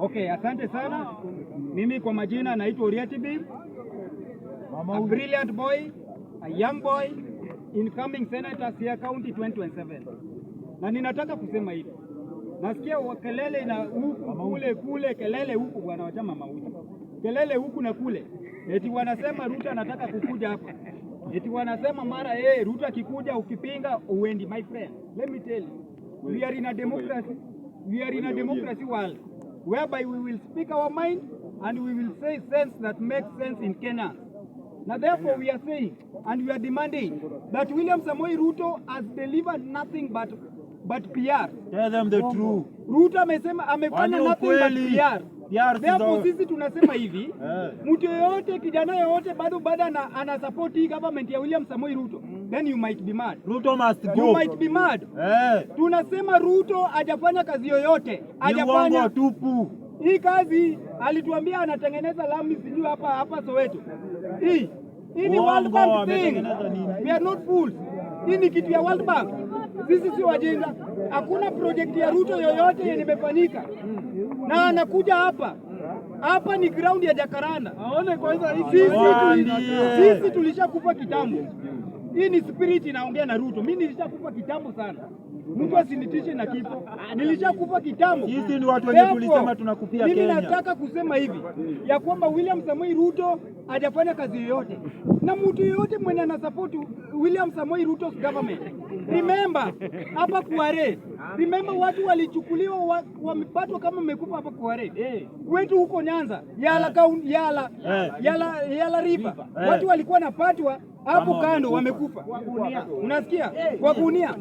Okay, asante sana. Mimi kwa majina naitwa Uriati Bim, a brilliant boy, a young boy, incoming senator Siaya County 2027. Na ninataka kusema hivi, nasikia kelele na huku kule kule, kelele huku bwana wa chama mauti, kelele huku na kule, eti wanasema Ruto anataka kukuja hapa, eti wanasema mara yeye eh, Ruto akikuja ukipinga uendi. My friend, let me tell you, we are in a democracy, we are in a democracy world whereby we will speak our mind and we will say sense that makes sense in Kenya. Now therefore we are saying and we are demanding that William Samoei Ruto has delivered nothing but, but PR. Tell them the truth. Ruto amesema amefanya nothing but PR. Hapo sisi tunasema hivi eh. mtu yoyote kijana yoyote bado bado ana support hii government ya William Samoei Ruto mm. then you might be mad. Ruto must go. You might be mad. Hey. Eh. Tunasema Ruto hajafanya kazi yoyote, hajafanya tupu. Hii kazi alituambia anatengeneza lami sijui hapa hapa Soweto. Hii hii ni World Bank thing. We are not fools. Hii ni kitu ya World Bank. Sisi si wajinga hakuna projekti ya Ruto yoyote yenye imefanyika, na anakuja hapa hapa ni ground ya Jakarana. Aone kwanza, sisi tulishakufa kitambo. Hii ni spirit inaongea na Ruto. Mimi nilishakufa kitambo sana mtu asinitishe na kifo, nilishakufa kitambo. Sisi ni watu wenye kulisema tunakupia Kenya. Mimi nataka kusema hivi ya kwamba William Samoei Ruto hajafanya kazi yoyote, na mtu yoyote mwenye support William Samoei Ruto's government, remember hapa Kuare, remember watu walichukuliwa wamepatwa wa kama mekufa hapa Kuare kwetu Wetu huko Nyanza Yala, kaun, eh. Yala, Yala, eh. Yala, Yala River eh. Watu walikuwa napatwa hapo kando wamekupa, unasikia kwa gunia.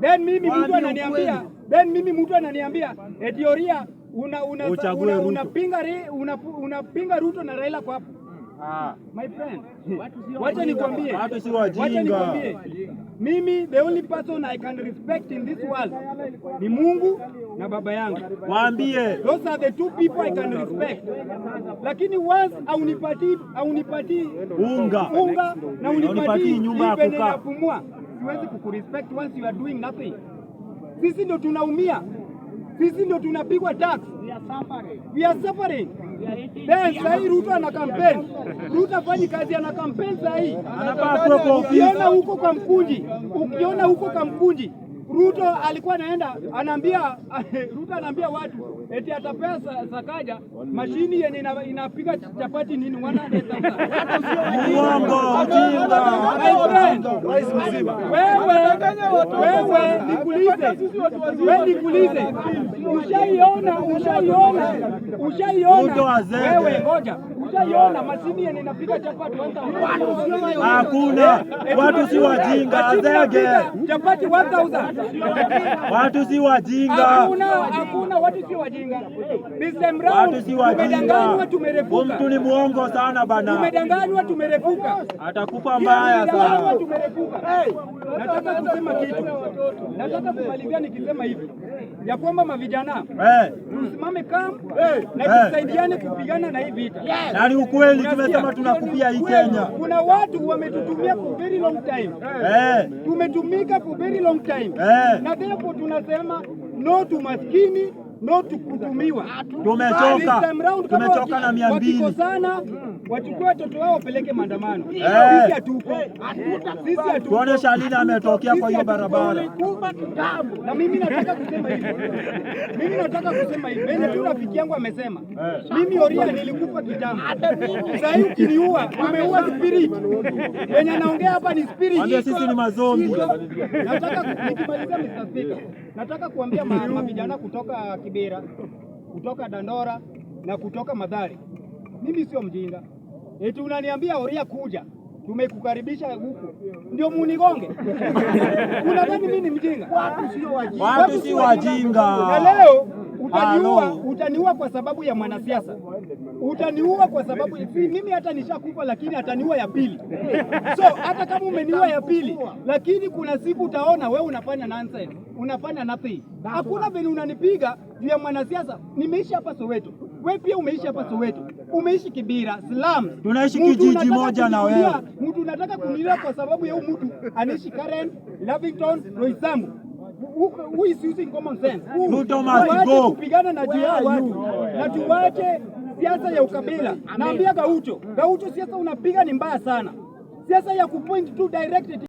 Then mimi mtu ananiambia then mimi mtu ananiambia etioria eh, unapinga una, una, una, una, una Ruto na Raila kwa hapo Ah, my friend, wacha nikwambie, wacha nikwambie, mimi the only person I can respect in this world ni Mungu na baba yangu. Waambie, those are the two people I can respect, lakini once aunipati aunipati unga unga na unipati nyumba ya kukaa pumua, siwezi kukurespect once you are doing nothing. Sisi ndo tunaumia, sisi ndo tunapigwa tax, we are suffering, we are suffering Ben, saa hii Ruto ana kampeni. Ruto afanyi kazi, ana kampeni saa hii. Ukiona huko kwa Mkunji, ukiona huko kwa Mkunji Ruto alikuwa anaenda anaambia Ruto anaambia watu eti atapea Sakaja mashini yenye inapiga chapati nini 100,000. Uongo, Wewe Wewe Ushaiona, ushaiona. Ushaiona. Wewe ngoja. Ushaiona mashini yenye inapiga chapati 1,000. Hakuna. Watu si wajinga, azege. Chapati 1,000 watu si wajinga. Mbona watu si wajinga? Mr. Brown, tumedanganywa tumerefuka. Mtu ni mwongo sana bana. Tumedanganywa tumerefuka. Atakupa mbaya sana. Tumerefuka. Nataka kusema kitu. Nataka kumalizia nikisema hivi. Ya kwamba mavijana msimame kam na tusaidiane kupigana na hii vita. Na ni ukweli tumesema tunakupia hii Kenya. Kuna watu wametutumia for very long time. Tumetumika for very long time. Na therefore tunasema no to not kutumiwa. Tumechoka, tumechoka na mia mbili. Wakikosana wachukue watoto wao wapeleke maandamano. Eh. Sisi hatuko, sisi hatuko. Tuone Shalini ametokea kwa hiyo barabara. Na mimi nataka kusema hivi, mimi nataka kusema hivi, mimi tu rafiki yangu amesema, eh. mimi Oria nilikufa kitambo, sasa hivi ukiniua umeua spirit. Wenye anaongea hapa ni spirit, ambia sisi ni mazombi. Nataka nikimaliza, Mr. Speaker, nataka kuambia mavijana kutoka kibu. Kibera, kutoka Dandora na kutoka Madhare. Mimi sio mjinga. Eti unaniambia Oria kuja, tumekukaribisha huku ndio munigonge? Unadhani mimi ni mjinga? Watu sio wajinga, watu sio wajinga. Na leo Utaniua, ah, utaniua kwa sababu ya mwanasiasa, utaniua kwa sababu mimi hata nishakufa, lakini ataniua ya pili. So hata kama umeniua ya pili, lakini kuna siku utaona wewe unafanya nonsense, unafanya nothing. Hakuna venye unanipiga juu ya mwanasiasa. Nimeishi hapa Soweto, wewe pia umeishi hapa Soweto, umeishi Kibira, slum, tunaishi kijiji moja na wewe. Mtu unataka kuniua kwa sababu ya huyu mtu anaishi Karen, Lavington, Roysambu who is using common sense? Ruto must go. Kupigana na juu ya watu na tuwache siasa ya ukabila. Naambia Gaucho, Gaucho, siasa unapiga ni mbaya sana, siasa ya kupoint tu directed